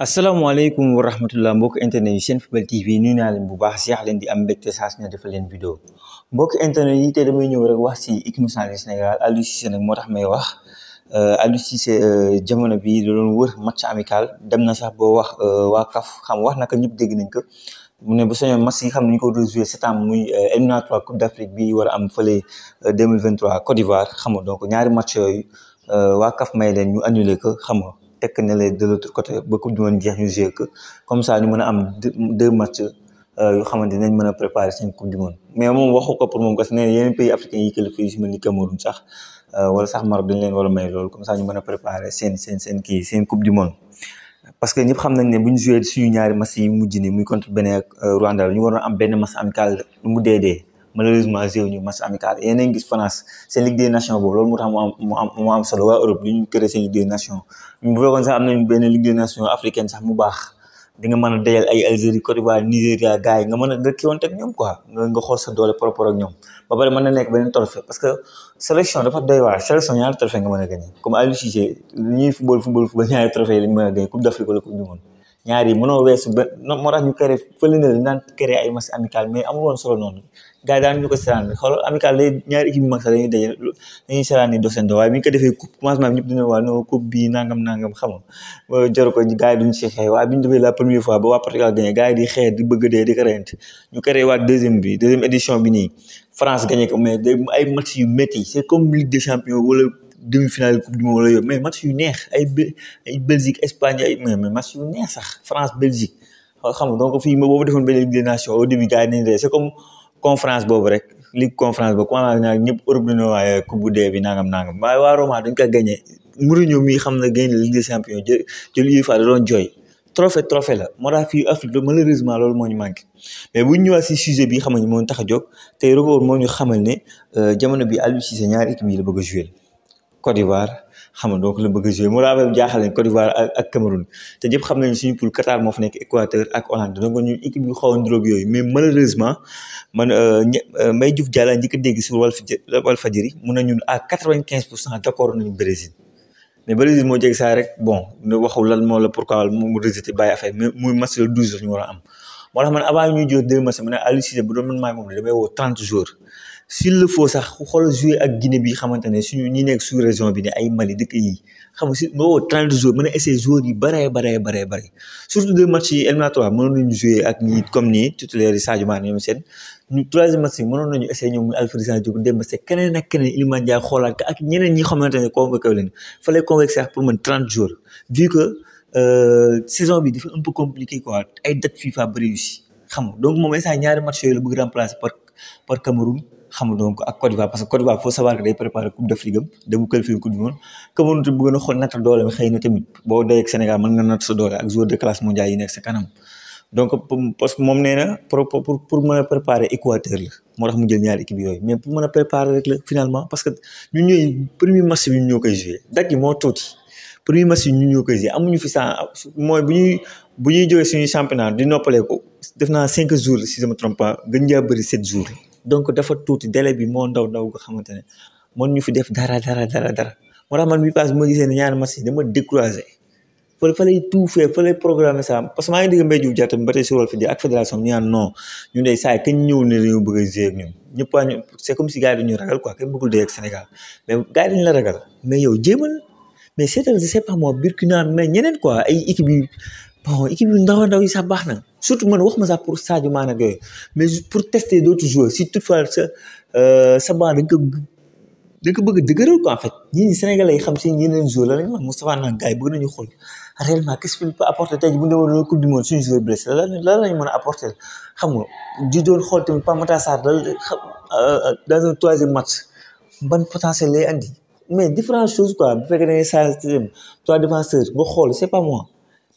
asalaamaaleykum wa rahmatullah mbokk internet yi fu Senfootball TV nuyu naa leen bu baax seex leen di am mbégte saa su ne defal leen vidéo mbokk internet yi te damay ñëw rek wax si équipe nationale Sénégal Aliou Cissé nag moo tax may wax euh, Aliou Cissé euh, jamono bi da doon wër match amical dem na sax boo wax euh, waa CAF xam wax naka ñëpp dégg nañ kë mu ne bu soñoon match yi xam ne ñu ko doon joué septembre muy éliminatoire Coupe d'Afrique bi war a am fële 2023 Côte d'Ivoire xam nga donc ñaari match yooyu wa CAF may leen ñu annulé ko xam nga tekk ne leen de l'autre côté ba coupe du monde jeex ñu joué comme ça ñu mën a am deux matchs euh, yoo xamante nañ mën a préparer seen coupe du monde mais moom waxu ko pour moom parce que nee pays africains yi qualifié yu si mel ni Cameroun sax euh, wala sax Maroc dañ wala may loolu comme ça ñu mën a préparer seen seen ki seen coupe du monde parce que ñëpp xam nañ ne bu ñu joué suñu ñaari match yi mujj ni muy contre Bénin ak euh, Rwanda la ñu waroon am benn match amical mu dee dee malheureusement géew ñu match amical yéen a ngi gis France seen Ligue des boobu loolu moo tax mu am mu am Europe di nga mën a dajal ay Algérie Côte d'Ivoire Nigéria gars nga mën a nga kiiwoon ñoom quoi nga nga sa doole par ñoom ba pare mën na nekk beneen trophée parce que sélection dafa doy waar sélection ñaari trophée nga mën a gagné a coupe d'Afrique wala coupe du monde ñaar yi mënoo weesu ba moo tax ñu créé fële na leen daan créé ay match amical mais amul woon solo noonu gars yi ñu ko seetaan xoolal amical day ñaari équipe yu mag bi ñu ko defee coupe commencement bi ñëpp dina di xeex di bëgg dee di ko ñu créé waa deuxième bi deuxième édition bi nii France gagné mais ay match yu métti c'est comme Ligue des Champions wala demi-finale coupe du monde la yóbbu mais match yu neex ay ay Belgique Espagne ay yu neex sax France Belgique xam nga donc fii boobu defoon benn Ligue des Nations au début gars yi nañ ree c'est boobu rek Ligue conférence a commencé naa ñëpp Europe dina waaye coupe bu dee bi nangam nangam waaye waa Roma dañ ko mii xam na gagné Ligue des Champions jël jël UEFA da doon jooy trophée trophée la moo tax fii Afrique malheureusement loolu moo ñu manqué mais bu ñu ñëwaat si bi xam nga moo ñu tax a jóg tey record moo ñu xamal ne euh, jamono bi Aliou Cissé ñaar équipe yi la Côte d'Ivoire xam nga donc la bëgg a joué mu daal jaaxal nañ Côte d'Ivoire nañ suñu poule Qatar moo fa nekk Équateur ak Hollande donc yooyu mais malheureusement man euh, euh, Mbaye Diouf Diallo njëkk a dégg sur Walfadjri mun na ñun à quatre-vingt-quinze pour cent d' accord nañu Brésil. mais moo jég saa bon ñu waxul lan moo la pourquoi mu rejeté a am moo tax ñuy jox deux matchs ma ne Aliou Cissé bu doon man maay moom la damay woo trente jours. s'il le faut sax xol jouer ak Guinée bi xamante suñu ñi nekk sous région bi ne ay Mali dëkk yi xam nga si no 30 jours mën a essayer joueurs yi bare bare bare bare surtout deux matchs yi éliminatoires mënoon nañu jouer ak ñi comme ni titulaire yi Sadio Mané ñoom seen ñu troisième match yi mënoon nañu essayer ñoom Alfred San Diop dem ba c'est keneen ak keneen Iliman Ndiaye xoolaat ak ñeneen ñi xamante ne convoqué leen fallait lay convoqué sax pour mën 30 jours vu que euh, saison bi dafa un peu compliqué quoi ay date FIFA bëri yu si xam donc moom instant ñaari match yooyu la bëgg remplacer par par Cameroun xam donc ak Côte d'Ivoire parce que Côte d'Ivoire faut savoir que day préparer coupe d'Afrique am dem qualifier coupe na xool natt dooleem xëy na tamit boo dee ak Sénégal mën nga natt sa doole ak joueur de classe moom nee na pour pour pour a préparer Équateur la moo tax mu jël a préparer rek la finalement parce que ñun ñooy tuuti premier match yi ñun koy joué fi sans mooy bu ñuy bu ñuy jógee suñu championnat di noppalee ko def naa cinq jours si je me trompe pas gën donc dafa tuuti délai bi moo ndaw ndaw nga xamante ne mën ñu fi def dara dara dara dara moo man bi passe ma gisee ne ñaari match yi dama découragé fële fa lay tout faire fa lay programmer ça parce que maa ngi dégg Mbaye Diouf Diatta ba tey si Walf ak fédération ñu naan non ñu dey saa yi kañ ñëw ne dañoo bëgg a gérer ñun ñëpp ñu c'est comme si gars yi dañu ragal quoi kenn bëggul dee ak Sénégal mais gars yi dañu la ragal mais yow jéemal mais seetal je sais pas moi Burkina mais ñeneen quoi ay équipe bon équipe yu ndaw ndaw yi sax baax na surtout man waxuma sax pour Sadio Mané ak yooyu mais pour tester d'autres joueurs si toutefois sa sa banc da nga ko da nga bëgg a dëgëral quoi en fait ñii ñi Sénégalais yi xam si ñeneen joueurs la lañ wax Moustapha Nang gars yi bëgg nañu xool réellement qu'est-ce qu'il peut apporter tey bu ñu demoon coupe du monde suñu joueur blessé la la lañ mën a apporter xam nga di doon xool tamit Pamata Matar Sarr dal dans un troisième match ban potentiel lay andi mais différentes choses quoi bu fekkee da ngay saa toi défenseur nga xool c'est pas moi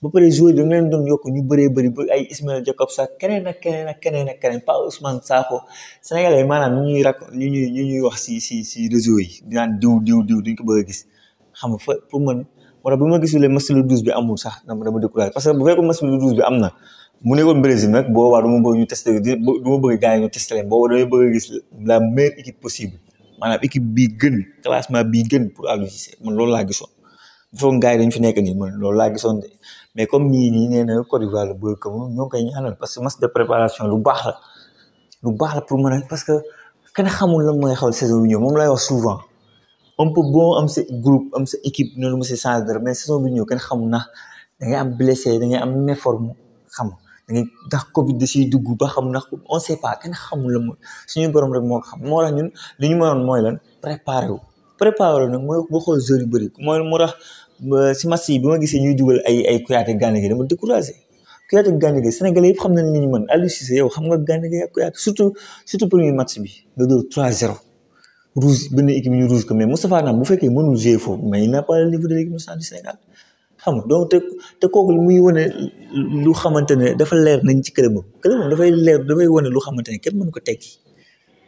ba pare joueurs da nga leen doon yokk ñu bëree bëri ba ay Ismaël Jacob sax keneen ak keneen ak keneen ak keneen pas Ousmane Sakho Sénégalais maanaam ñu ñuy rak ñu ñuy ñu ñuy wax si si si réseau yi dinaan diw diw diw duñ ko bëgg a gis xam nga fa pour man moo tax bu ma gisulee match le douze bi amul sax dama dama découragé parce que bu fekkoon match le douze bi am na mu nekkoon Brésil nag boo waa du ma bëgg ñu testé du ma bëgg gars yi ñu testé leen boobu damay bëgg a gis la meilleure équipe possible maanaam équipe bii gën classement bii gën pour Aliou Cissé man loolu laa gisoon bu fekkoon gars yi dañ fi nekk nii man loolu laa gisoon de mais comme nii nii nee na d'Ivoire ñoo koy ñaanal parce que match de lu baax la lu baax la pour mën a parce que kenn xamul lan mooy xaw saison bi ñëw moom lay wax souvent un peu bon am sa groupe am sa équipe noonu mu si changé dara mais saison bi ñëw kenn xamul na dangay am blessé da ngay am méforme xam da ngay ndax Covid da siy dugg ba xam ndax on sait pas kenn xamul la mooy suñu borom rek moo ko xam moo tax ñun li ñu mënoon mooy la préparé wu. préparé nag mooy boo xool joueurs yu bëri mooy moo si match yi bi ma gisee ñuy dugal ay ay Kouyaté Gana dama découragé Kouyaté Gana Gueye Sénégalais yëpp xam nañ ni ñu mën Aliou Cissé yow xam nga Gana Gueye ak Kouyaté surtout surtout premier match bi nga dóor 3-0 rouge benn équipe ñu rouge ko mais Moustapha Nam bu fekkee mënul jouer foofu mais il n'a pas le niveau de l'équipe nationale du xam nga donc te te kooku muy wane lu xamante ne dafa leer nañ ci këlëbam këlëbam dafay leer dafay wane lu xamante ne kenn mënu ko tekki